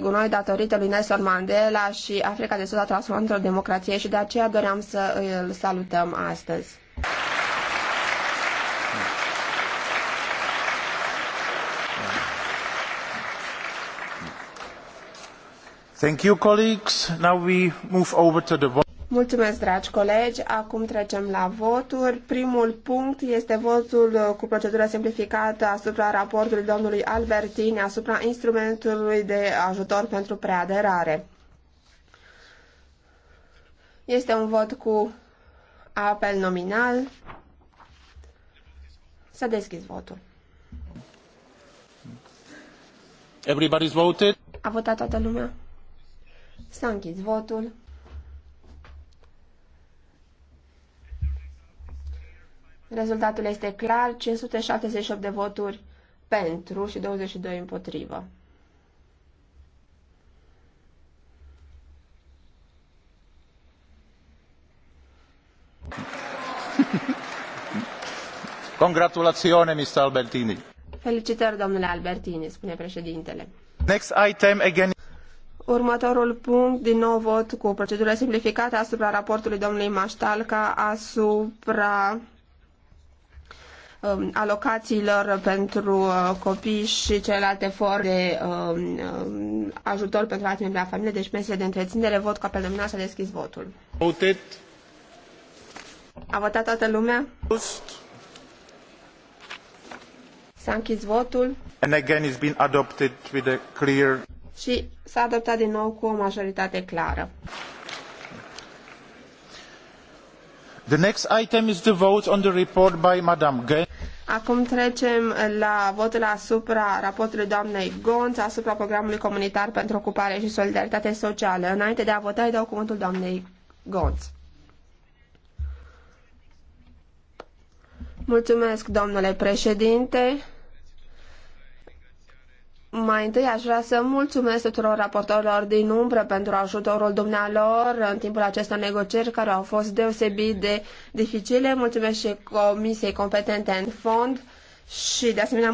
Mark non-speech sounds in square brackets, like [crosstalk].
gunoi datorită lui Nelson Mandela și Africa de Sud a transformat într-o democrație și de aceea doream să îl salutăm astăzi. Thank you, colleagues. Now we move over to the Mulțumesc, dragi colegi. Acum trecem la voturi. Primul punct este votul uh, cu procedură simplificată asupra raportului domnului Albertini asupra instrumentului de ajutor pentru preaderare. Este un vot cu apel nominal. Să deschis votul. Everybody's voted. A votat toată lumea. S-a închis votul. Rezultatul este clar, 578 de voturi pentru și 22 împotrivă. [laughs] Congratulazione, Mr. Albertini. Felicitări, domnule Albertini, spune președintele. Next item again. Următorul punct, din nou vot cu procedură simplificată asupra raportului domnului Maștalca asupra Um, alocațiilor pentru uh, copii și celelalte forme de um, um, ajutor pentru alți membri la familie, deci mesele de întreținere, vot cu apel nominal, s-a deschis votul. Voted. A votat toată lumea? Just. S-a închis votul. And again it's been adopted with a clear... Și s-a adoptat din nou cu o majoritate clară. The next item is the vote on the report by Madame Gay. Acum trecem la votul asupra raportului doamnei Gonț, asupra programului comunitar pentru ocupare și solidaritate socială. Înainte de a vota, îi dau cuvântul doamnei Gonț. Mulțumesc, domnule președinte. Mai întâi aș vrea să mulțumesc tuturor raportorilor din umbră pentru ajutorul dumnealor în timpul acestor negocieri care au fost deosebit de dificile. Mulțumesc și comisiei competente în fond și de asemenea